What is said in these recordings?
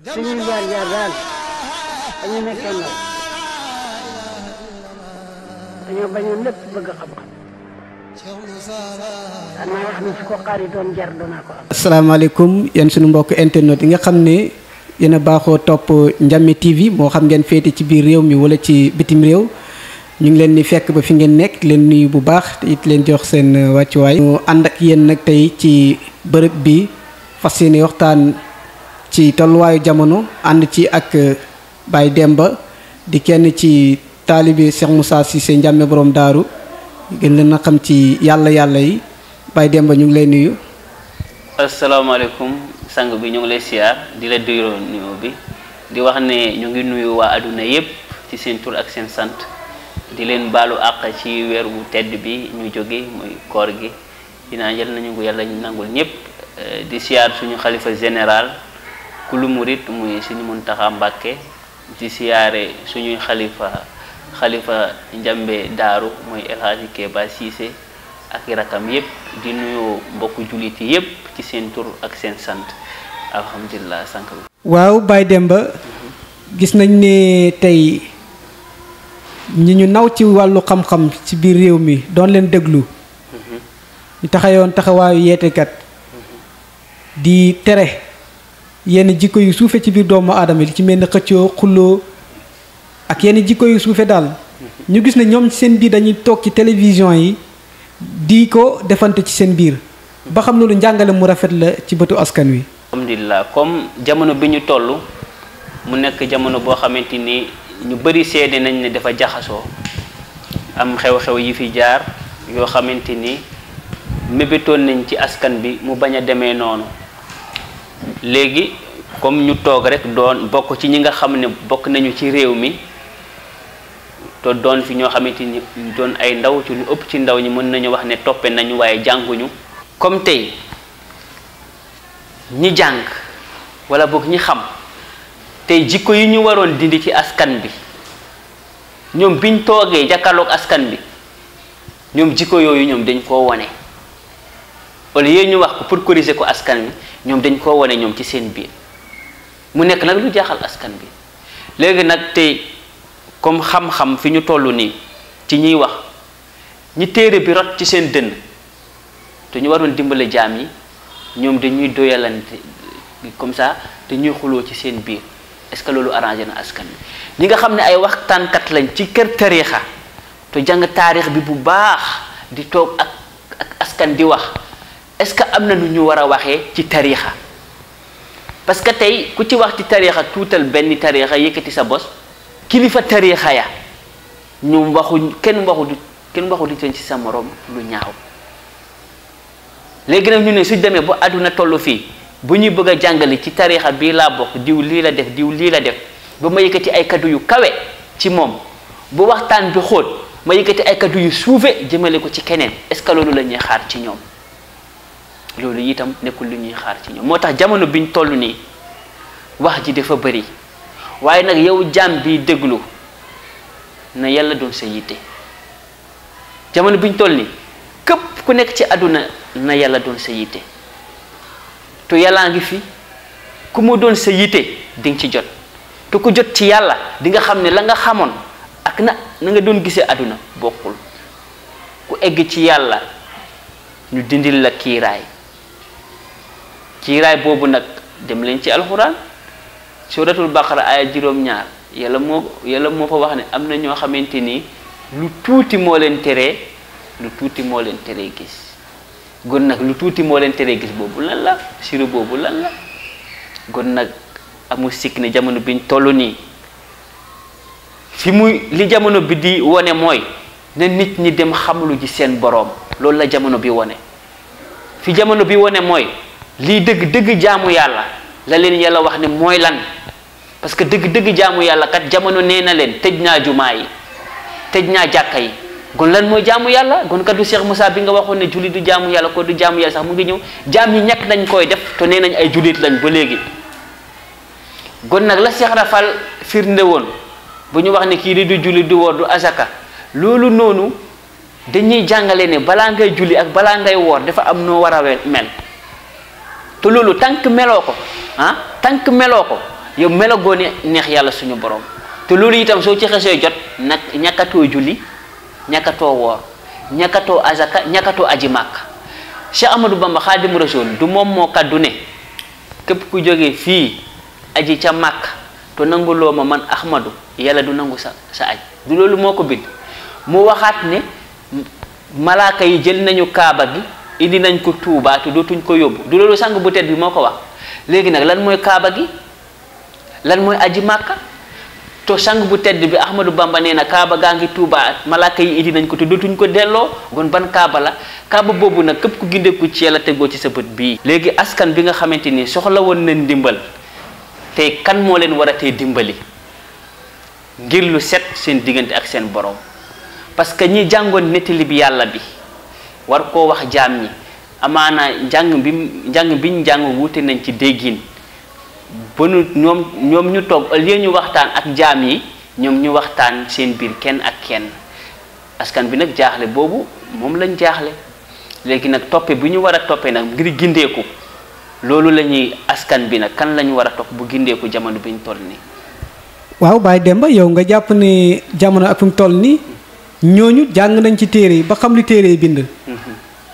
suñu jaar jaar daal dañu nekkoon ne su ko xaari doon jar danaa mbokk internet yi nga xamne ne baxo top njami TV mo xam ngeen fete ci biir rew mi wala ci bitim rew ñu ngi leen ni fekk ba fi ngeen nek leen nuyu bu baax it leen jox seen eh, wàccuwaay. ñu and ak yéen nak tay ci bërepp bi fasiyene waxtaan ci tolluwaayu jamono ànd ci ak euh, Baye Demba di kenn ci taalibi Cheikh Moussa Cissé Ndiamé boroom daaru gën leen xam ci yàlla yàlla yi Baye Demba ñu ngi lay nuyu. asalaamaaleykum sang bi ñu ngi lay siyaar di la duyoo nuyu bi di wax ne ñu ngi nuyu waa àdduna yépp ci seen tur ak seen sant di leen baalu àq ci weer wu tedd bi ñu jóge muy koor gi dinaa jël nañu ko yàlla ñu nangul ñépp euh, di siyaar suñu xalifa général. kulu murit muy Sëriñ Muntaxa Mbàkke di siyaare suñuy xalifa xalifa njàmbe daaru mooy El Hadji Keba ak rakam yépp di nuyu mbokku jullit yépp ci seen tur ak seen sant alhamdulilah sànq bi waaw Baye Demba gis nañ ne tey ñi ñu naw ci wàllu xam-xam ci biir réew mi doon leen déglu mhm. ñu taxayoon taxawaayu yeetekat mhm. di tere yenn jikko yu suufe ci biir doomu aadama li ci mel ni xëccoo xulloo ak yenn jikko yu suufe daal ñu gis ne ñoom seen biir dañuy toog ci télévision yi di ko defante ci seen biir ba xam loolu njàngale mu rafet la ci bëtu askan wi alhamdulilah comme jamono bi ñu toll mu nekk jamono boo xamante ni ñu bëri seede nañ ne dafa jaxasoo am xew-xew yi fi jaar yoo xamante ni mébétoon nañ ci askan bi mu bañ a demee noonu léegi comme ñu toog rek doon bokk ci ñi nga xam ne bokk nañu ci réew mi te doon fi ñoo xamante ni doon ay ndaw ci lu ëpp ci ndaw ñi mën nañu wax ne toppe nañu waaye jànguñu comme tey ñi jàng wala boog ñi xam tey jikko yi ñu waroon dindi ci askan bi ñoom biñ toogee jàkkaarloog askan bi ñoom jikko yooyu ñoom dañ koo wane au lieu ñu wax ko pour corriger ko askan bi ñoom dañ koo wane ñoom ci seen biir mu nekk nag lu jaaxal askan bi léegi nag tey comme xam-xam fi ñu toll nii ci ñuy wax ñi téere bi rot ci seen dënn te ñu waroon dimbale jaam yi ñoom dañuy doyalante comme ça dañuy xuloo ci seen biir est-ce que loolu arrangé na askan bi ñi nga xam ne ay waxtaankat lañ ci kër tariixa te jàng taarix bi bu baax di toog ak ak askan di wax est ce que amna nu ñu wara waxé ci tariixa parce que tay ku ci wax ci tariixa tuutal benn tariixa yëkëti sa boss kilifa tariixa ya ñu waxu kenn waxu du kenn waxu di ci sa morom lu ñaaw légui nak ñu né suñu démé bu aduna tollu fi bu ñuy bëgg a ci tariixa bi la bok diw li la def diw li la def bu ma yëkëti ay kaddu yu kawe ci mom bu waxtaan bi xoot ma yëkëti ay kaddu yu suufe jëmele ko ci kenen est ce que lolu la ñi xaar ci ñom loolu itam nekkul lu ñuy xaar ci ñoom moo tax jamono biñ tollu nii wax ji dafa bari waaye nag yow jaam bi déglu na yàlla doon sa yitte jamono biñ toll nii képp ku nekk ci àdduna na yàlla doon sa yitte te yàllaa ngi fi ku mu doon sa yitte di ci jot te ku jot ci yàlla di nga xam ne la nga xamoon ak na na nga doon gisee àdduna bokkul ku egg ci yàlla ñu dindil la kiiraay kiiraay boobu nag dem leen ci alxuraan suratul baqara aaya juróom-ñaar yalla moo yàlla moo fa wax ne am na ñoo xamante ni lu tuuti moo leen teree lu tuuti moo leen teree gis gon nag lu tuuti moo leen teree gis boobu lan la siru boobu lan la gon nag amul sikk ne jamono biñ toll nii fi muy li jamono bi di wone mooy na nit ñi dem xamlu ji seen boroom loolu la jamono bi wone fi jamono bi wone mooy li deug deug jaamu yalla la leen yalla wax ni moy lan parce que deug deug jaamu yalla kat jamono neena len, leen jumai, naa jumaa yi tëj naa gon lan moy jaamu yalla gon kat du Cheikh Moussa bi nga waxone julli du jaamu yalla ko du jaamu yalla sax mu ngi ñew jaam yi ñak nañ koy def to neenañ ay jullit lañ ba legi gon nak la Cheikh Rafal firnde won bu ñu wax ni ki di du julli du wor du asaka lolu nonu, dañuy jàngale ne bala ngay julli ak bala ngay wor dafa am no wara mel te lolu tank meloko ko ah meloko meloo ko yow melagoo ne neex yalla suñu borom te lolu itam so ci xese jot nak ñakato julli ñakato woor ñakato azaka ñakato aji màkk cheikh amadou bamba khadim rasoul du mom mo kaddu ne ku joge fi aji ca mak to nangulo ma man ahmadu yalla du nangu sa sa aj du lolu moko ko mu waxat ne malaka yi jël nañu kaaba gi indi nañ ko Touba te dootuñ ko yob du lolu sang bu tedd bi moko wax legi nak lan moy kaaba gi lan moy aji makka to sang bu tedd bi ahmadu bamba neena kaaba gaangi touba malaka yi indi nañ ko te dootuñ ko dello gon ban kaaba la kaaba bobu nak kep ku ku ci yàlla teggo ci sa askan bi nga xamanteni won soxla won nañ dimbal te kan molen len wara te dimbali ngir lu set seen diggante ak seen borom parce que ñi netti li bi yalla bi war ko wax jaam ñi amaana njàng bi jang biñ jang wuté nañ ci déggin ba nu ñom ñoom ñu tok au lieu ñu waxtaan ak jaam yi ñoom ñu waxtaan seen bir kenn ak kenn askan bi nak jaaxle bobu mom lañ jaaxle légui nak toppe bu ñu wara topé nak ngir gindé ko la lañuy askan bi nak kan la wara tok bu gindé ko jamanu jamono biñ tolni waaw bay demba yow nga japp ni jamono ak tolni ñooñu jàng nañ ci téere yi ba xam li téere yi bind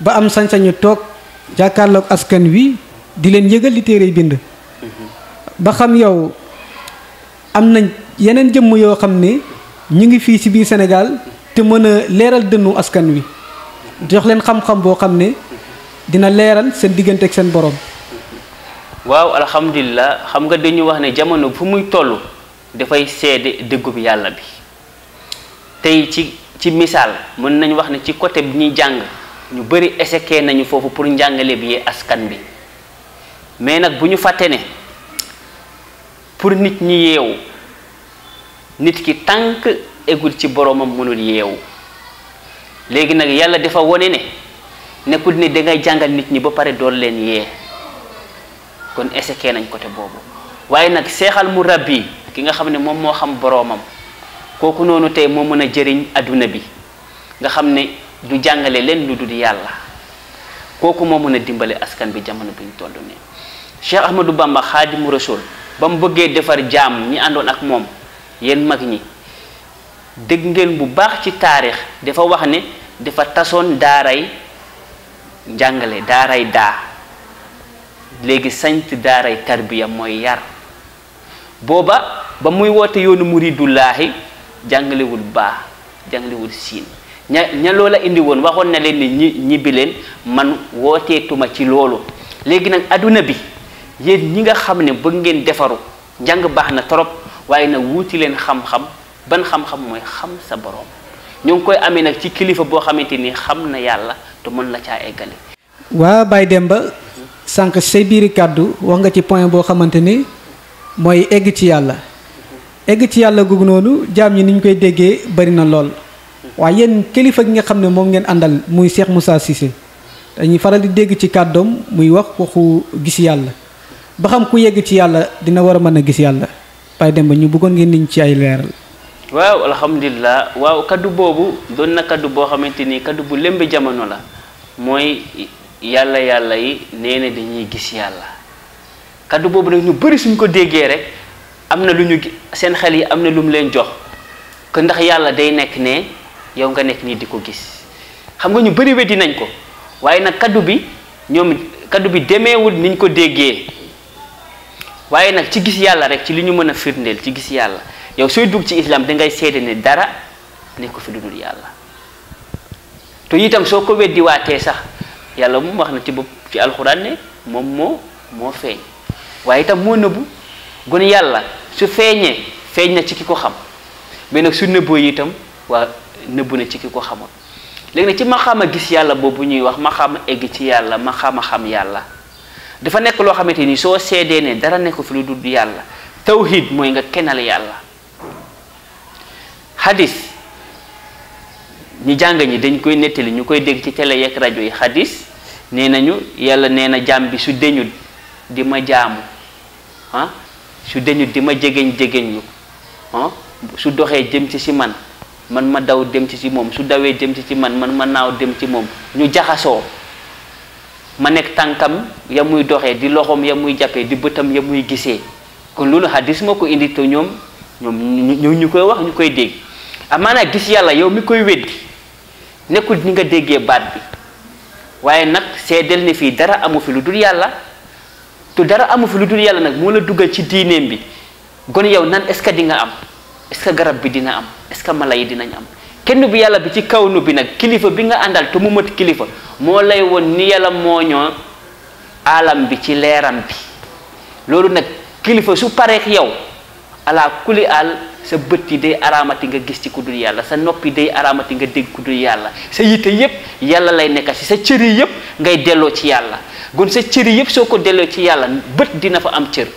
ba am sañ-sañu toog jàkkaarloog askan wi di leen yëgal li téere yi bind ba xam yow am nañ yeneen jëmm yoo xam ne ñu ngi fii ci biir senegal te mën a leeral dënnu askan wi jox leen xam-xam boo xam ne dina leeral seen diggante ak seen borom waaw alhamdulilah xam nga dañu wax ne jamono fu muy toll dafay seede dëggub yàlla bi tey ci ci misal mën nañ wax ne ci côté bi ñuy jàng ñu bëri ésequé nañu foofu pour njàngale bi askan bi mais nag bu ñu fàtte pour nit ñi yeewu nit ki tànk egul ci boromam mënul yeewu léegi nag yàlla wone ne nekkul ne da ngay jàngal nit ñi ba pare dool leen yee kon ésequé nañ côté boobu waaye nak seexal mu rabbi ki nga xam moom xam boromam kooku noonu tey moo mën a jëriñ adduna bi nga xam ne du jàngale leen lu dul yàlla kooku moo mën a dimbale askan bi jamono bi ñu toll ne Cheikh Ahmadou Bamba Xaadimu Rasul ba mu bëggee defar jaam ñi àndoon ak moom yéen mag ñi dégg ngeen bu baax ci taarix dafa wax ne dafa tasoon daaray jàngale daaray daa léegi sant daaray tarbiya mooy yar booba ba muy woote yoonu muridullaahi jàngalewul baax jàngalewul siin ña ña loola indi woon waxoon na leen ni ñi ñibbi leen man wooteetuma ci loolu léegi nag àdduna bi yéen ñi nga xam ne bëgg ngeen defaru njàng baax na trop waaye nag wuuti leen xam-xam ban xam-xam mooy xam sa borom ñoo ngi koy amee nag ci kilifa boo xamante ni xam na yàlla te mën la caa eggale. waa Baye Demba sànq say biiri kàddu wax nga ci point boo xamante ni mooy egg ci yàlla. egg ci yàlla googu noonu jaam ñi ni ñu koy déggee bari na lool waaye yéen kilifa gi nga xam ne moom ngeen àndal muy seex Moussa Cissé dañuy faral di dégg ci kàddoom muy wax waxu gis yàlla ba xam ku yegg ci yàlla dina war a mën a gis yàlla Baye ba ñu bëggoon ngeen niñ ci ay leeral. waaw alhamdulilah waaw kaddu boobu doon na kaddu boo xamante ni kaddu bu lëmb jamono la mooy yàlla yàlla yi nee na dañuy gis yàlla kaddu boobu nag ñu bari suñ ko déggee rek. am na lu ñu seen xel yi am na lu mu leen jox que ndax yàlla day nekk ne yow nga nekk nii di ko gis xam nga ñu bëri weddi nañ ko waaye nag kaddu bi ñoom kaddu bi demeewul niñ ko déggee waaye nag ci gis yàlla rek ci li ñu mën a firndeel ci gis yàlla yow sooy dugg ci islam dangay seede ne dara nekk ko fi lu dul yàlla te itam soo ko weddi waatee sax yàlla moom wax na ci bopp ci alxuraan ne moom moo moo feeñ waaye itam moo nëbbu gun yàlla su feeñee feeñ na ci ki ko xam mais nag su nëbboo itam waa nëbbu na ci ki ko xamoon léegi nag ci a gis yàlla boobu ñuy wax maxaama egg ci yàlla maxaama xam yàlla dafa nekk loo xamante ni soo seedee ne dara nekk fi lu dul yàlla tawhid mooy nga kenal yàlla hadis ñi jàng ñi dañ koy nettali ñu koy dégg ci télé yeeg rajo yi hadis nee nañu yàlla nee na jaam bi su deñu di ma jaamu ah su deñu di ma jegeñ jegeñ ñu ah, su doxee jëm ci si man man ma daw dem ci si moom su dawee jëm ci si man man ma naaw dem ci moom ñu jaxasoo ma nekk tànkam ya muy doxee di loxoom ya muy jàppee di bëtam ya muy gisee kon loolu hadis moo ko indi te ñoom ñoom ñu ñu koy wax ñu koy dégg amaana gis yàlla yow mi koy weddi nekkul ni nga déggee baat bi waaye nag seedeel ne fii dara amu fi lu dul yàlla te dara amu fi lu dul yàlla nag moo la duggal ci diineem bi kon yow nan est-ce que di nga am est garab bi dina am est-ce que mala yi dinañ am kenn bi yàlla bi ci kaw nu bi nag kilifa bi nga àndal te mu mat kilifa moo lay woon ni yàlla moo ñoo alam bi ci leeram bi loolu nag kilifa su pareek yow ala kuli al sa bët yi day araamati nga gis ci ku dul yàlla sa noppi day araamati nga dégg ku dul yàlla sa yitte yépp yàlla lay nekka si sa cër yi yépp ngay delloo ci yàlla kon sa cër yëpp soo ko delloo ci yàlla bët dina fa am cër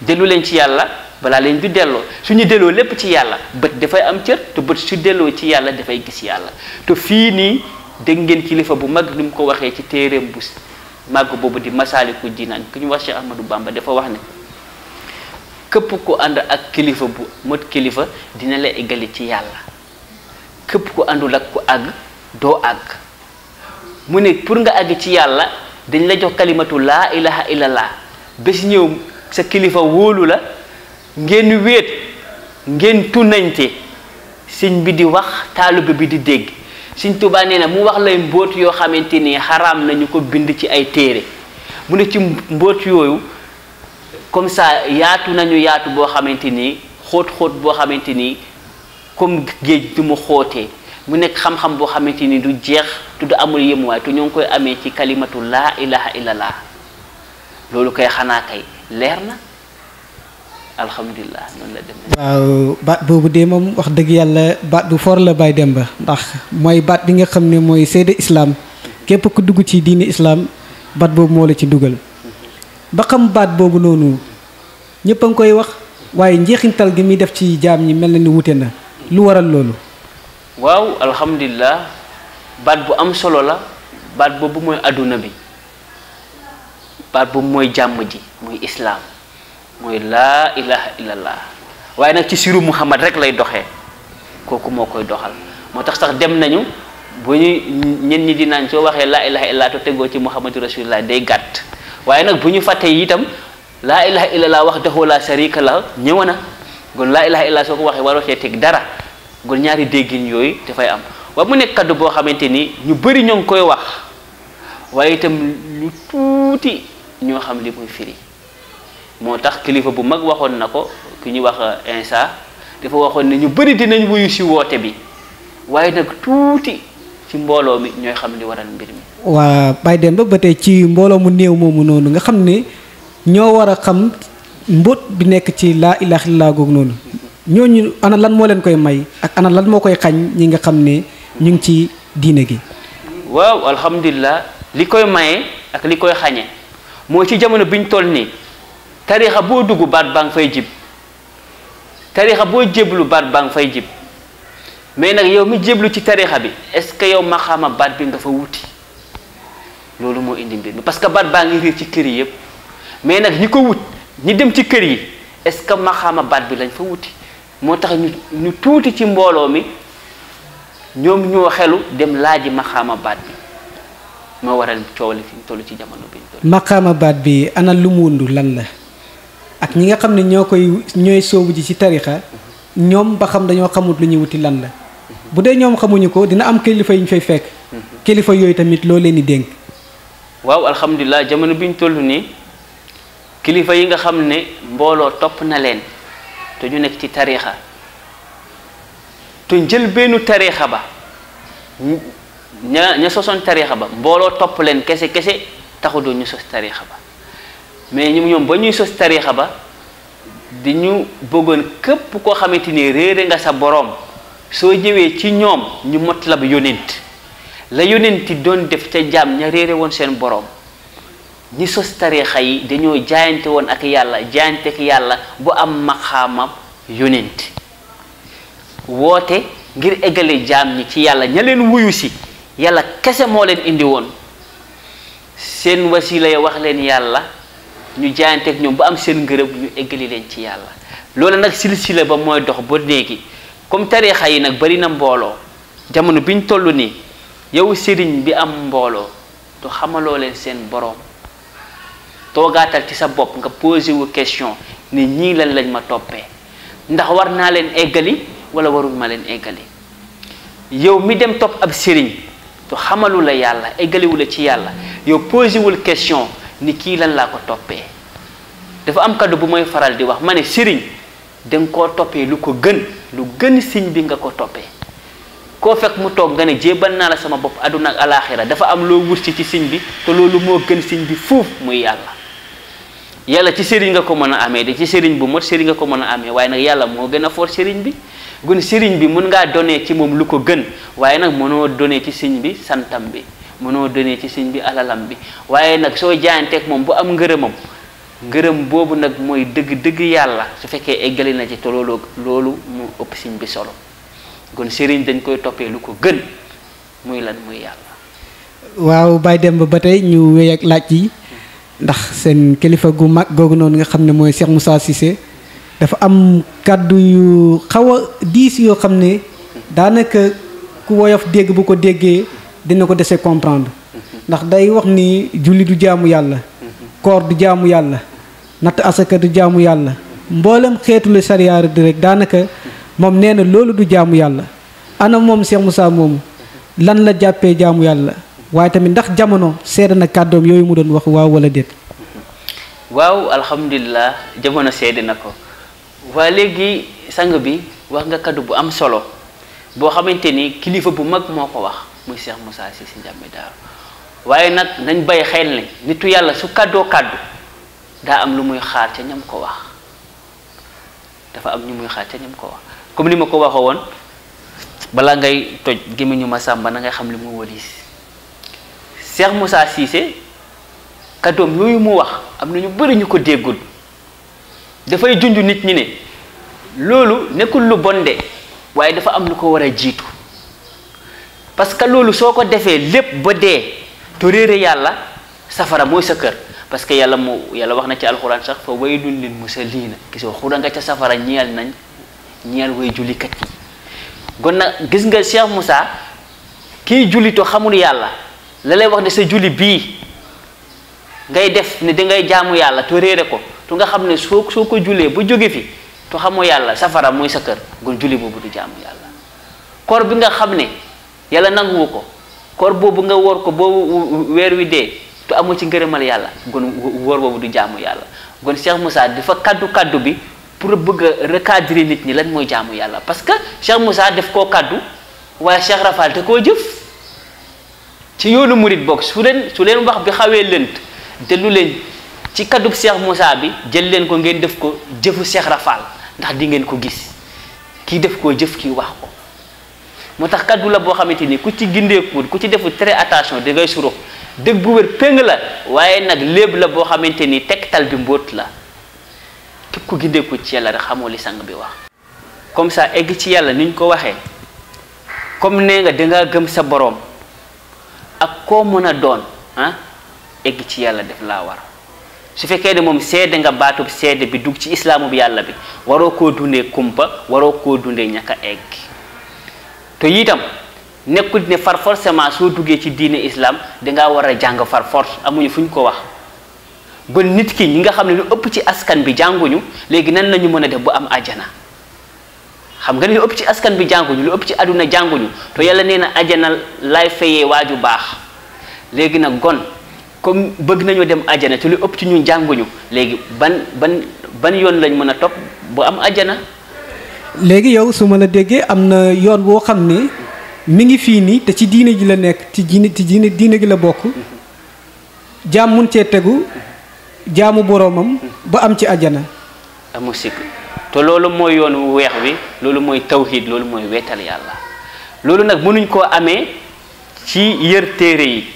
dellu leen ci yàlla balaa leen du delloo su ñu delloo lépp ci yàlla bët dafay am cër te bët su delloo ci yàlla dafay gis yàlla te fii nii dégg ngeen kilifa bu mag ni ko waxee ci téereem bu màgg boobu di masaaliku jinaan ku ñu wax Cheikh Ahmadou Bamba dafa wax ne këpp ko ànd ak kilifa bu mot kilifa dina la eggali ci yàlla këpp ko àndul ak ku àgg doo àgg mu ne pour nga àgg ci yàlla dañ la jox kalimatu laa ilaha illallah ba si ñëw sa kilifa wóolu la ngeen wéet ngeen tunante sëñ bi di wax taalibe bi di dégg sëñ Tuubaa nee na mu wax lay mbóot yoo xamante ni xaraam nañu ko bind ci ay téere mu ne ci mbóot yooyu comme ça yaatu nañu yaatu boo xamante ni xóot xóot boo xamante ni comme géej du mu xootee mu nekk xam-xam boo xamante ni du jeex te du amul yëmuwaay te ñoo ngi koy amee ci kalimatu laa ilaha illallah loolu kay xanaa kay leer na alhamdulilah noonu la waaw baat boobu de moom wax dëgg yàlla baat bu foor la Baye Demba ndax mooy baat bi nga xam ne mooy seede islaam képp ku dugg ci diini islaam baat boobu moo la ci dugal ba xam baat boobu noonu ñëpp a ngi koy wax waaye njeexintal gi muy def ci jaam ñi mel na ni wute na lu waral loolu. waaw alhamdulilah baat bu am solo la baat boobu mooy àdduna bi baat boobu mooy jàmm ji muy islaam mooy laa ilaha illallah waaye nag ci siru muhammad rek lay doxee kooku moo koy doxal moo tax sax dem nañu bu ñu ñen ñi di naan soo waxee laa ilaha illallah to tegoo ci muhammadu laa day gàtt waaye nag bu ñu fàttee itam laa ilaha laa wax daxoo laa sarika la ñëw na kon laa ilaha illallah soo ko waxee waroo cee teg dara kon ñaari déggin yooyu dafay am waaye mu ne kaddu boo xamante ni ñu bëri ñoo ngi koy wax waaye itam lu tuuti ñoo xam li muy firi moo tax kilifa bu mag waxoon na ko ki ñuy wax euh, insa dafa waxoon ne ñu bëri dinañ wuyu si woote bi waaye nag tuuti ci mbooloo mi ñooy xam li waral mbir mi. waa Baye Demba ba tey ci mbooloo mu néew moomu noonu nga xam ne ñoo war a xam mbóot bi nekk ci laa ilaaha illallaah googu noonu. ñooñu ana lan moo leen koy may ak ana lan moo koy xañ ñi nga xam ne ñu ngi ci diine gi. waaw alhamdulilah li koy mayee ak li koy xañee mooy ci jamono biñ toll nii tarixa boo dugg baat baa ngi fay jib tarixa boo jéblu baat baa ngi fay jib mais nag yow mi jéblu ci tarixa bi est-ce que yow ma baat bi nga fa wuti loolu moo indi mbir mi parce que baat baa ngi réer ci kër yi yëpp mais nag ñi ko wut ñi dem ci kër yi est-ce que ma baat bi lañ fa wuti. moo tax ñu tuuti ci mbooloo mi ñoom ñoo xelu dem laaji maxaama baat bi moo waral coow li ci jamono bi ñu toll. maxaama baat bi ana lu mu wundu lan la ak ñi nga xam ne ñoo koy ñooy soobu ji ci tarixa ñoom ba xam dañoo xamut lu ñuy wuti lan la bu dee ñoom xamuñu ko dina am kilifa yi ñu fay fekk. kilifa yooyu tamit loo leen di dénk. waaw alhamdulilah jamono bi ñu toll nii kilifa yi nga xam ne mbooloo topp na leen. te ñu nekk ci tariixa te njëlbeenu tariixa ba ña ña sosoon tariixa ba mbooloo topp leen kese kese taxu doon ñu sos tariixa ba mais ñoom ñoom ba ñuy sos tariixa ba di ñu bëggoon këpp koo xamante ni réere nga sa boroom soo jëwee ci ñoom ñu mot la ba yónent la yónent doon def ca jaam ña réere woon seen boroom ñi sos tariixa yi dañoo jaayante woon ak yàlla jaayante ak yàlla bu am maqaamam yonent woote ngir eggale jaam ñi ci yàlla ña leen wuyu si yàlla kese moo leen indi woon seen wasila ya wax leen yàlla ñu jaayante ak ñoom bu am seen ngërëm ñu eggali leen ci yàlla loolu nag silsila ba mooy dox ba léegi comme tariixa yi nag bari na mbooloo jamono bi ñu toll nii yow sëriñ bi am mbooloo du xamaloo leen seen boroom toogaatal ci sa bopp nga posé wu question ne ñii lañ lañ ma toppee ndax war naa leen eggali wala warul ma leen eggali yow mi dem topp ab sëriñ te xamalu la yàlla eggaliwu la ci yàlla yow posé wul question ni kii lañ laa ko toppee dafa am kaddu bu mooy faral di wax ma ne sëriñ danga koo toppee lu ko gën lu gën siñ bi nga ko toppee koo fekk mu toog nga ne jébbal naa la sama bopp àdduna ak alaaxira dafa am loo wut ci siñ bi te loolu moo gën siñ bi fuuf muy yàlla yàlla ci sëriñ nga ko mën a amee de ci sëriñ bu mot sëriñ nga ko mën a amee waaye nag yàlla moo gën a for sëriñ bi gun sëriñ bi mën ngaa donee ci moom lu ko gën waaye nag mënoo donee ci sëriñ bi santam bi mënoo donee ci sëriñ bi alalam bi waaye nag soo jaayanteeg moom bu am ngërëmam ngërëm boobu nag mooy dëgg-dëgg yàlla su fekkee eggali na ci te loolu mu ëpp sëriñ bi solo gun sëriñ dañ koy toppee lu ko gën muy lan muy yàlla waaw Baye Demba ba tey ñu wéy ak laaj yi ndax seen kilifa gu mag googu noonu nga xam ne mooy Cheikh Moussa Cissé dafa am kàddu yu xaw a diis yoo xam ne daanaka ku woyof dégg bu ko déggee dina ko dese comprendre ndax day wax ni julli du jaamu yàlla koor du jaamu yàlla natt asaka du jaamu yàlla mboolem xeetule sariyaar di rek daanaka moom nee na loolu du jaamu yàlla ana moom Cheikh Moussa moomu lan la jàppee jaamu yàlla waaye tamit ndax jamono seede na kàddoom yooyu mu doon wax waaw wala déet. waaw alhamdulilah jamono seede na ko waa léegi sang bi wax nga kaddu bu am solo boo xamante ni kilifa bu mag moo ko wax muy Cheikh Moussa Cissé Ndiamé Darou waaye nag nañ bay xel ne nitu yàlla su kàddoo kàddu daa am lu muy xaar ca ñam ko wax dafa am ñu muy xaar ca ñam ko wax comme li ma ko waxee woon balaa ngay toj gémmiñu ma sàmba na ngay xam li mu wëlis Cheikh Moussa Cissé kàddoom yooyu mu wax am na ñu bëri ñu ko déggul dafay junj nit ñi ne loolu nekkul lu bon de waaye dafa am lu ko war a jiitu parce que loolu soo ko defee lépp ba dee te yàlla safara mooy sa kër parce que yàlla moo yàlla wax na ci alxuraan sax fa mu lil lii na nga xura nga ca safara ñeel nañ ñeel way jullikat yi kon nag gis nga Cheikh Moussa kiy jullito xamul yàlla la wax ne sa julli bii ngay def ne di ngay jaamu yàlla te réere ko tu nga xam ne soo soo ko jullee ba jóge fi te xamoo yàlla safara mooy sa kër kon julli boobu du jaamu yàlla koor bi nga xam ne yàlla nanguwu ko koor boobu nga wor ko boobu weer wi dee te amoo ci ngërëmal yàlla kon wor du jaamu yàlla kon Cheikh Moussa dafa kàddu kàddu bi pour bëgg a recadrer nit ñi lan mooy jaamu yàlla parce que Cheikh Moussa def koo kaddu waaye Cheikh Rafal te koo jëf ci yoonu murit bokk su leen su wax bi xawee lënt dellu leen ci kaddub seex Moussa bi jël leen ko ngeen def ko jëfu seex Rafal ndax di ngeen ko gis kiy def koo jëf kii wax ko moo tax kaddu la boo xamante ni ku ci gindeekuwul ku ci defu très attention da ngay surux dëgg bu wér péng la waaye nag léeb la boo xamante ni tegtal bi mbóot la képp ku gindeeku ci yàlla rek xamoo li sang bi wax comme sa egg ci yàlla niñ ko waxee comme nee nga dangaa gëm sa boroom ak koo mën a doon ah egg ci yàlla def laa war su fekkee ne moom sedd nga baatub seede bi dugg ci islaamu bi yàlla bi waroo koo dundee kumpa waroo koo dundee ñàkk a egg te itam nekkul ne far forcément soo duggee ci diine islam dangaa war a jàng far force amuñu fu ñu ko wax ba nit ki ñi nga xam ne lu ëpp ci askan bi jànguñu léegi nan lañu mën a def bu am àjjana xam nga ne ëpp ci askan bi jànguñu lu ëpp ci àdduna jànguñu te yàlla nee na ajana laay fayee ju baax léegi nag gon comme bëgg nañoo dem ajana te lu ëpp ci ñun jànguñu léegi ban ban ban yoon lañ mën a topp bu am ajana léegi yow su ma la déggee am na yoon woo xam ne mu ngi fii nii te ci diine ji la nekk ci diine ci diine diine gi la bokk jaam mun cee tegu jaamu boroomam ba am ci ajana amu sikk te loolu mooy yoon wu weex bi lolu moy tawhid lolu moy wetal yalla lolu nak munuñ ko amé ci yeur téré yi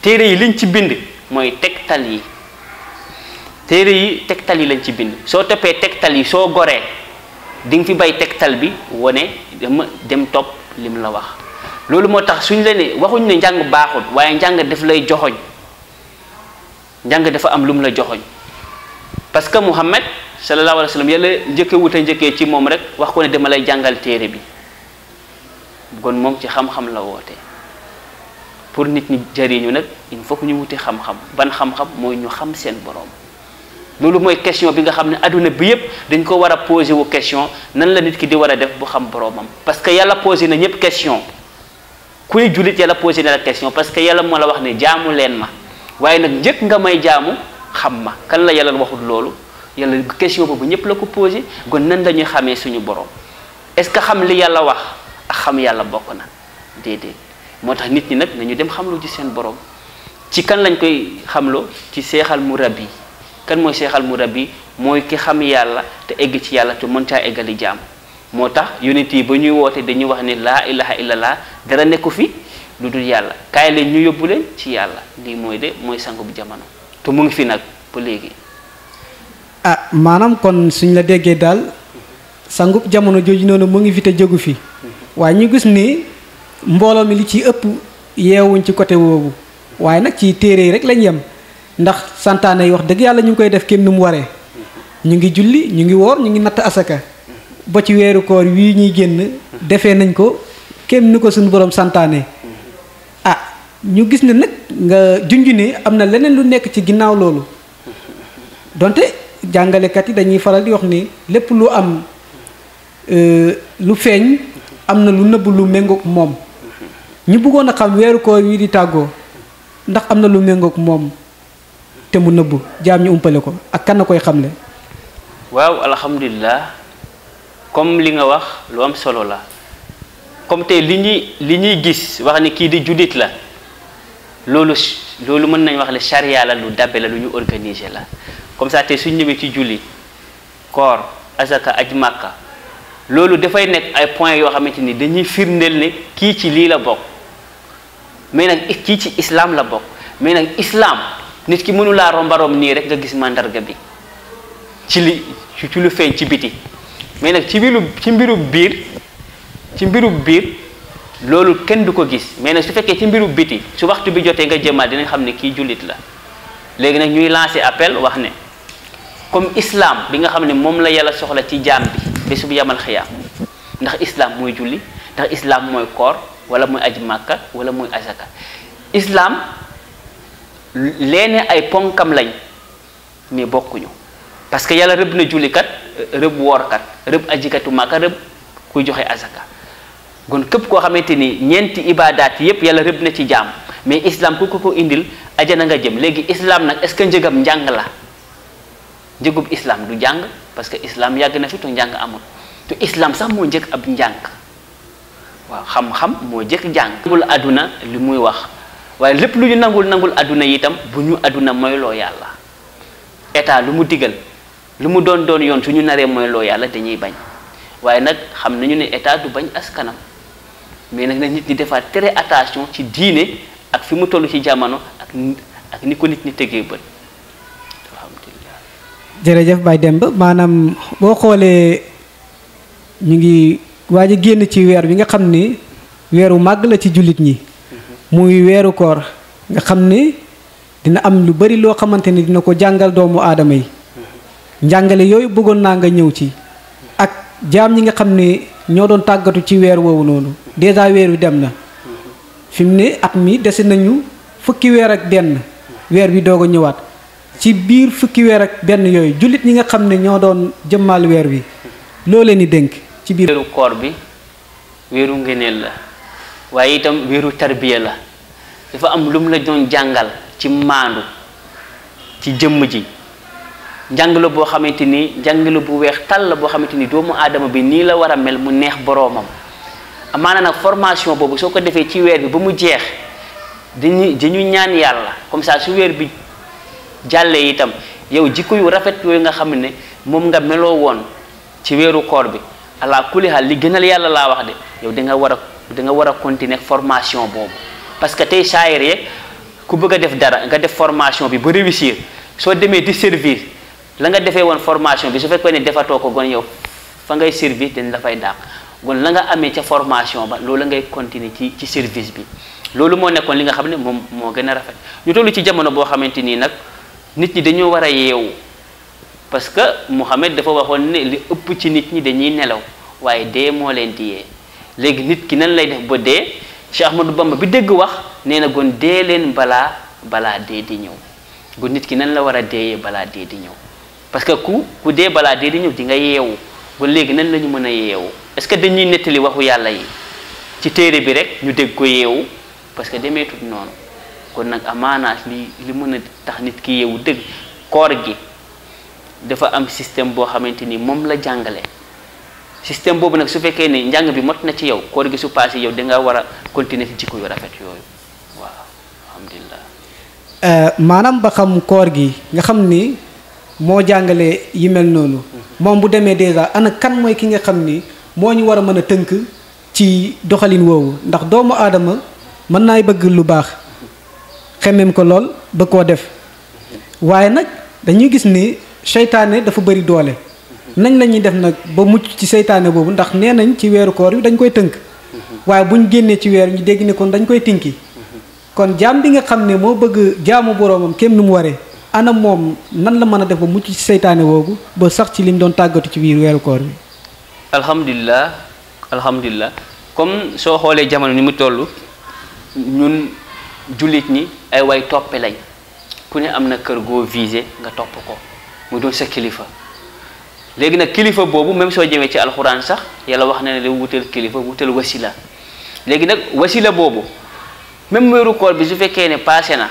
téré yi liñ ci bind moy tektal yi téré yi tektal yi lañ ci bind so topé tektal yi so goré ding fi bay tektal bi wone dem dem top lim la wax lolu motax tax suñ la ne waxuñ ne jang baxut waye jang def lay joxoj jang dafa am lum la joxoj parce que muhammad sallallahu alayhi wa sallam yàlla njëkke wut a njëkkee ci moom rek wax ko ne dama lay jàngal téere bi kon moom ci xam-xam la woote pour nit ñi jariñu nag il faut que ñu wuti xam-xam ban xam-xam mooy ñu xam seen boroom loolu mooy question bi nga xam ne àdduna bi yépp dañ ko war a posé wu question nan la nit ki di war a def bu xam boroomam parce que yàlla posé na ñépp question kuy jullit yàlla posé na la question parce que yàlla moo la wax ne jaamu leen ma waaye nag njëkk nga may jaamu xam ma kan la yàlla waxul loolu yàlla question boobu ñëpp la ko posé kon nan la ñuy xamee suñu borom est-ce que xam li yàlla wax ak xam yàlla bokk na déedéet moo tax nit ñi nag nañu dem xamlu ci seen borom ci kan lañ koy xamloo ci seexal mu rab yi kan mooy seexal mu rab yi mooy ki xam yàlla te egg ci yàlla te mën caa eggali jàmm moo tax yonent yi ba ñuy wootee dañuy wax ne laa ilaha illallah dara nekku fi lu dul yàlla kaay leen ñu yóbbu leen ci yàlla lii mooy de mooy sangu jamono ah maanaam kon suñ la déggee daal sangub jamono jooju noonu mu ngi fi te jógu fi waaye ñu gis ni mbooloo mi li ci ëpp yeewuñ ci côté woowu waaye nag ci téere yi rek lañ yem ndax santaane yi wax dëgg yàlla ñu ngi koy def kenn nu mu waree ñu ngi julli ñu ngi woor ñu ngi natt asaka ba ci weeru koor wii ñuy génn defee nañ ko kenn ni ko suñ borom santaane ah ñu gis ne nag nga junj ne am na leneen lu nekk ci ginnaaw loolu donte kat yi dañuy faral di wax ni lepp lu am euh, lu feñ am na lu neub lu mom. mom ñu bëggoon a xam wër tago. wi di taggo ndax am na lu méngoog mom té mu neub jaam ñu umpale ko ak kan na koy xamle. waaw alhamdullilah comme li nga wax lu am solo la comme té li ñi li ñi gis wax ni ki di judit la lolu lolu mën nañ wax le sharia la lu dabe la lu ñu organiser la comme ça té suñ ñëwé ci julli koor azaka aj lolu da fay nek ay point yo xamanteni dañuy firndeel ne ki ci li la bok mais nak ki ci islam la bok mais nak islam nit ki mënu la rombarom ni rek nga gis ga bi ci li ci lu feñ ci biti mais nak ci mbiru ci mbiru biir ci mbiru biir lolu kenn du gis mais nak su fekke ci mbiru biti su waxtu bi joté nga jëmmaat dinañ xam ne julit la légui nak ñuy lancer appel wax né comme islaam bi nga xam ne moom la yàlla soxla ci jaam bi bésub yamal xiyaam ndax islaam mooy julli ndax islaam mooy koor wala mooy aj màkka wala mooy azaka islaam leene ay ponkam lañ mais bokkuñu parce que yàlla rëbb na jullikat rëbb woorkat rëbb ajikatu màkka rëbb kuy joxe azaka kon képp koo xamante ni ñeenti ibadaat yépp yàlla rëbb na ci jaam mais islam ku ko ko indil ajana nga jëm léegi islaam nag est ce que njëgam njàng la njëgub islaam du jàng parce que islam yàgg na fi tu njàng amul te islam sax moo njëkk ab njàng waaw xam-xam moo njëkk jàng. nangul àdduna li muy wax waaye lépp lu ñu nangul nangul àdduna itam bu ñu àdduna moyloo yàlla état lu mu digal lu mu doon doon yoon su ñu naree mooy yàlla dañuy bañ waaye nag xam nañu ne état du bañ askanam mais nag nit ñi defaat tere attention ci diine ak fi mu toll ci jamono ak ni ko nit ñi tegee bët. jërëjëf Baye demb maanaam boo xoolee ñu ngi waaj a génn ci weer bi nga xam ni weeru màgg la ci jullit ñi muy weeru koor nga xam ni dina am lu bari loo xamante ni dina ko jàngal doomu aadama yi njàngale yooyu bëggoon naa nga ñëw ci ak jaam ñi nga xam ni ñoo doon tàggatu ci weer woowu noonu déjà weer wi dem na fi mu ne at mi dese nañu fukki weer ak benn weer wi doog a ñëwaat ci biir fukki weer ak ben yoy julit ñi nga xamne ño doon jëmmal weer wi loo leen di dénk ci biir weeru koor bi weeru ngëneel la waye itam weeru tarbiya la dafa am lum la doon jangal ci maandu ci jëm ji njàng la bu weex tal la bo xamanteni doomu bi ni la wara mel mu neex boromam amana nak formation bobu soko defé ci weer bi bu mu jeex dañu ñaan yalla comme ça su weer bi jàllee itam yow jikko yu rafet yooyu nga xam ne moom nga meloo woon ci weeru koor bi ala kulli haal li gënal yàlla laa wax de yow da nga war a da nga war a continuer formation boobu parce que tey saayir yeeg ku bëgg a def dara nga def formation bi ba réussir soo demee di servir la nga defee woon formation bi su fekkee ne defatoo ko gon yow fa ngay servir dañ la fay dàq gon la nga amee ca formation ba loolu ngay continuer ci ci service bi loolu moo nekkoon li nga xam ne moom moo gën a rafet ñu tollu ci jamono boo xamante nii nag nit ñi dañoo war a yeewu parce que Muhammad dafa waxoon ne li ëpp ci nit ñi dañuy nelaw waaye dee moo leen di yee léegi nit ki nañ lay def ba dee Cheikh Ahmadou Bamba bi dégg wax nee na gon dee leen balaa balaa dee di ñëw gon nit ki nañ la war a deeyee balaa dee di ñëw parce que ku ku dee balaa dee di ñëw di nga yeewu gon léegi nañ la ñu mën a yeewu est que dañuy nettali waxu yàlla yi ci téere bi rek ñu dégg ko yeewu parce que demeetut noonu kon nak amana li li meuna tax nit ki yeewu deug koor gi dafa am système bo xamanteni mom la jàngale système bobu nak su fekkee ni jang bi mot na ci yow koor gi su passé yow da nga continuer si jikko yu rafet wa waaw euh manam ba xam koor gi nga xam ni mo jàngale yi mel nonu mom bu ana kan moy ki nga xam ni mo ñu wara a teunk ci doxalin woowu ndax doomu adama man nay bëgg lu baax xemmeem ko lool ba koo def waaye nag dañuy gis ni seytaane dafa bëri doole nañ la ñuy def nag ba mucc ci seytaane boobu ndax nee nañ ci weeru koor wi dañ koy tënk waaye buñ génnee ci weer ñu dégg ne kon dañ koy tinki kon jaam bi nga xam ne moo bëgg jaamu boroomam kéem nu mu waree ana moom nan la mën a def ba mucc ci seytaane woogu ba sax ci lim doon tàggatu ci biir weeru koor wi alhamdulilah alhamdulilah comme soo xoolee jamono ni mu toll ñun jullit ni ay waay toppe lañ ku ne am na kër goo visé nga topp ko mu doon sa kilifa léegi nag kilifa boobu même soo jëmee ci alxuraan sax yàlla wax na ne da wutal kilifa wutal wasila léegi nag wasila boobu même weeru koor bi su fekkee ne passé na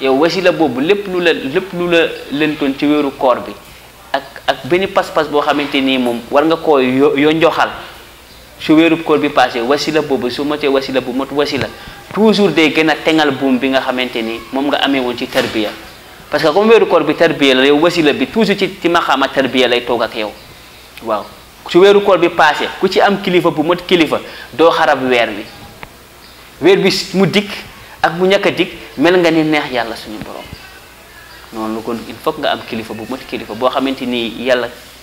yow wasila boobu lépp lu la lépp lu la lëntoon ci weeru koor bi ak ak benn pas-pas boo xamante nii moom war nga koo yo yo njoxal su wéeru koor bi passé wasila boobu su motee wasila bu mot wasila toujours day gën a teŋal buum bi nga xamanteni ni nga amé woon ci tarbiya parce que comme wéru koor bi tarbiya la yow wasila bi toujours ci ci maxaama tarbiya lay tok ak yow waaw ci wéru koor bi passé ku ci am kilifa bu mot kilifa do xarab wér bi wér bi mu dik ak mu ñaka dik mel nga ni neex yalla suñu borom non lu kon il faut nga am kilifa bu mot kilifa bo xamanteni ni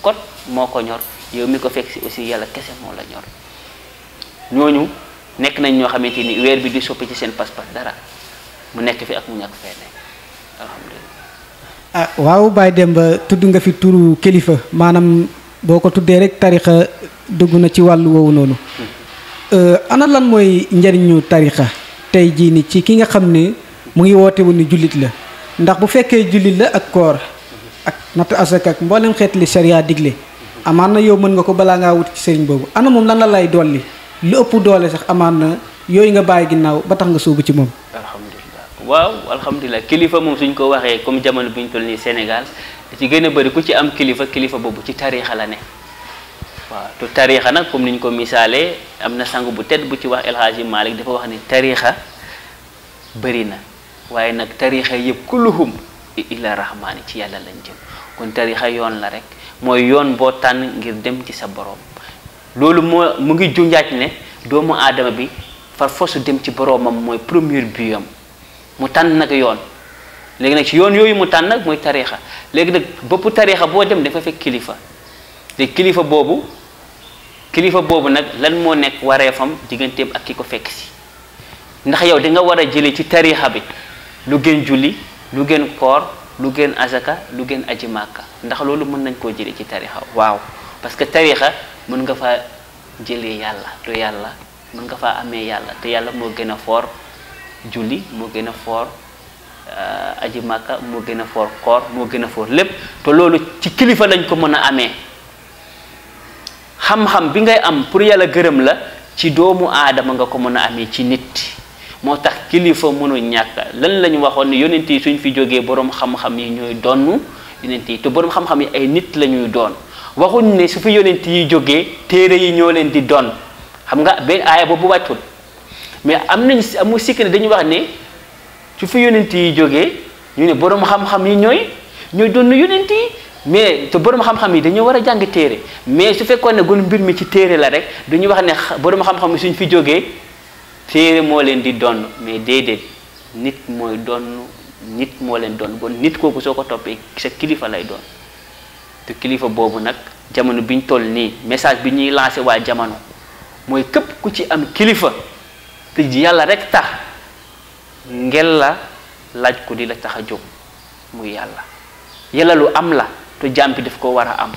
kot moko ñor yow mi ko fexi aussi yalla kesse mo la ñor ñoñu Nek nañ ñoo xamanteni ni bi di soppi ci seen pas dara mu nek fi ak mu ñak fee ne alhamdullilah ah waaw bay dem ba tuddu nga fi turu kilifa manam boko tuddé rek tarixa dugg na ci nonu hmm. euh ana lan moy njariñu tarixa tay ji ni ci ki nga xam mu ngi woté wu julit la ndax bu fekkee julit la ak koor ak natt asaka ak xet li sharia digle hmm. amana yow mën nga ko bala nga wut ci serigne bobu ana mom lan la lay dolli lu ëpp doole sax amaan na yooyu nga bàyyi ginnaaw ba tax nga sóobu ci moom. alhamdulilah waaw alhamdulilah kilifa moom suñ ko waxee comme jamono bi ñu toll nii Sénégal da ci gën a bëri ku ci am kilifa kilifa boobu ci tariixa la ne. waaw te tariixa nag comme ni ñu ko misaalee am na sang bu tedd bu ci wax El Hadji Malick dafa wax ni tariixa bari na waaye nag tariixa yëpp kulluhum ila rahmaani ci yàlla lañ jëm kon tariixa yoon la rek mooy yoon boo tànn ngir dem ci sa borom. loolu moo mu ngi junjaat ne doomu aadama bi far force dem ci boroomam mooy premier but am mu tànn nag yoon léegi nag ci yoon yooyu mu tànn nag mooy tariixa léegi nag bopp tariixa boo dem dafa fekk kilifa te kilifa boobu kilifa boobu nag lan moo nekk wareefam digganteem ak ki ko fekk si ndax yow danga war a jëlee ci tariixa bi lu gën julli lu gën koor lu gën azaka lu gën aji màkka ndax loolu mën nañ koo jëlee ci tariixa waaw parce tariixa mën nga faa jële yàlla du yàlla mën nga faa amee yàlla te yàlla moo gën a foor julli moo gën a foor euh, aji màkka moo gën a foor koor moo gën a foor lépp te loolu ci kilifa lañ ko mën a amee xam-xam bi ngay am pour yàlla gërëm la ci doomu aadama nga ko mën a amee ci nit moo tax kilifa mënu ñàkk lan lañu waxoon ni yonent yi suñ fi jógee boroom xam-xam yi ñooy donn yonent yi te boroom xam-xam yi ay nit la ñuy doon waxuñ ne su fi yonent yi jógee téere yi ñoo leen di doon xam nga benn aaya boobu wàccul mais am nañ amu sikk ne dañu wax ne su fi yonent yi jógee ñu ne boroom xam-xam yi ñooy ñooy doon yonent mais te boroom xam yi dañoo war a jàng téere mais su fekkoon ne gon mbir mi ci téere la rek dañu wax ne boroom xam-xam yi suñ fi jógee téere moo leen di doon mais déedéet nit mooy doon nit moo leen doon kon nit kooku soo ko toppee sa kilifa lay doon te kilifa boobu nag jamono bi ñu toll nii message bi ñuy lancé waa jamono mooy képp ku ci am kilifa te yàlla rek tax ngel la laaj ko di la tax a jóg muy yàlla yàlla lu am la te jàmbi daf ko war a am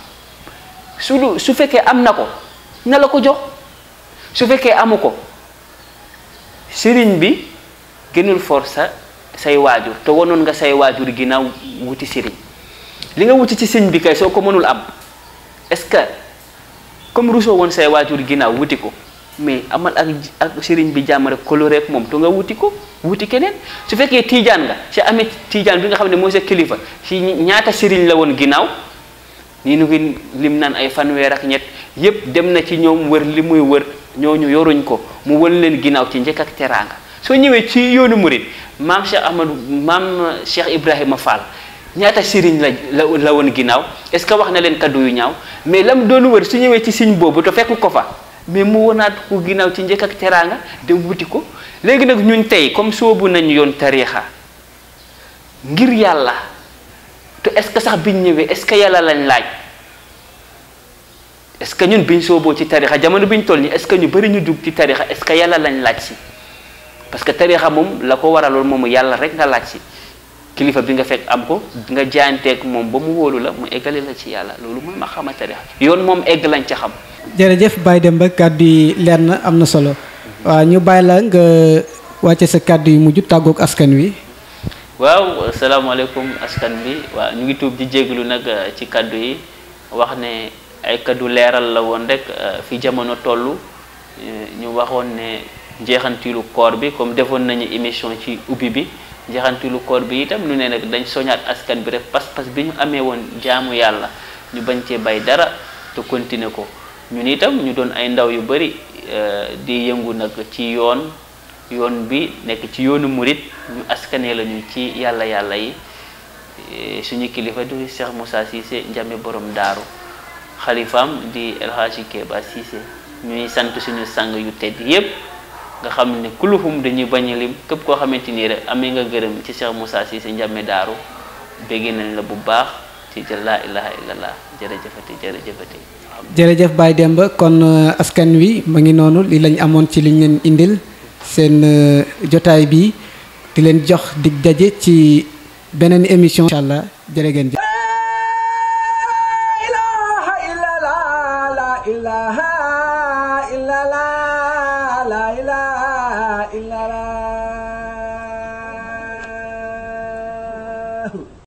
su lu su fekkee am na ko na la ko jox su fekkee amu ko sëriñ bi gënul for sa say waajur te wonoon nga say waajur ginnaaw wuti sëriñ li nga wuti ci sëñ bi kay soo ko mënul am est-ce que comme Rousseau woon say waajur ginnaaw wuti ko mais amal ak ak sëriñ bi jàmm rek coloré moom to nga wuti ko wuti keneen su fekkee tiijaan nga si amee tiijaan bi nga xam ne mooy sa kilifa si ñaata sëriñ la woon ginnaaw nii nu ngi lim naan ay fanweer ak ñett yépp dem na ci ñoom wër li muy wër ñu yoruñ ko mu won leen ginnaaw ci njëkk ak teraanga soo ñëwee ci yoonu murit maam Cheikh Ahmadou maam Cheikh Ibrahima Fall ñaata sëriñ la la woon ginnaaw est ce que wax na leen kaddu yu ñaaw mais la doonu doon wër su ñëwee ci siñ boobu te fekk ko fa mais mu wonaat ko ginnaaw ci njëkk ak teraanga dem wuti ko léegi nag ñun tey comme soobu nañu yoon tariixa ngir yàlla te est ce que sax biñ ñëwee est ce que yàlla lañ laaj est ce que ñun biñ sooboo ci tariixa jamono ñu toll nii est ce que ñu bëri ñu dugg ci tariixa est ce que yàlla lañ laaj si parce que tariixa moom la ko waraloon moomu yàlla rek nga laaj si. kilifa bi nga fekk am ko nga jaanteeg moom ba mu wóolu la mu eggale la ci yàlla loolu mooy ma xamante ne yoon moom egg lañ ca xam. jërëjëf Baye Demba kàddu yi leer na am na solo waaw ñu bàyyi la nga wàcce sa kàddu yu mujj tàggoog askan wi. waaw salaamaaleykum askan bi waaw ñu ngi tuub di jéglu nag uh, ci kàddu yi wax ne ay kàddu leeral la woon rek uh, fi jamono toll uh, ñu waxoon ne njeexantilu koor bi comme defoon nañu émission ci ubbi bi. jaxantilu koor bi itam nu ne nag dañ soñaat askan bi rek pas-pas bi ñu amee woon jaamu yàlla ñu bañ cee bay dara te continuer ko ñun itam ñu doon ay ndaw yu bari euh, di yëngu nag ci yoon yoon bi nekk ci yoonu murit ñu askane lañu ci yàlla yàlla yi euh, suñu kilifa di Cheikh Moussa Cissé Ndiamé borom daaru xalifaam di El Hadji Kéba Cissé ñuy sant suñu sang yu tedd yépp nga xam ne kuluhum dañuy bañ li képp koo xamante ni rek amee nga gërëm ci Cheikh Moussa Cissé Ndiamé Daaru bégg nañ la bu baax ci jël laa ilaha illallah jërëjëfati jërëjëfati jërëjëf Baye Demba kon euh, askan wi ma ngi noonu li lañ amoon ci liñ leen indil seen euh, jotaay bi di leen jox dig daje ci beneen émission incha allah jërë ngeen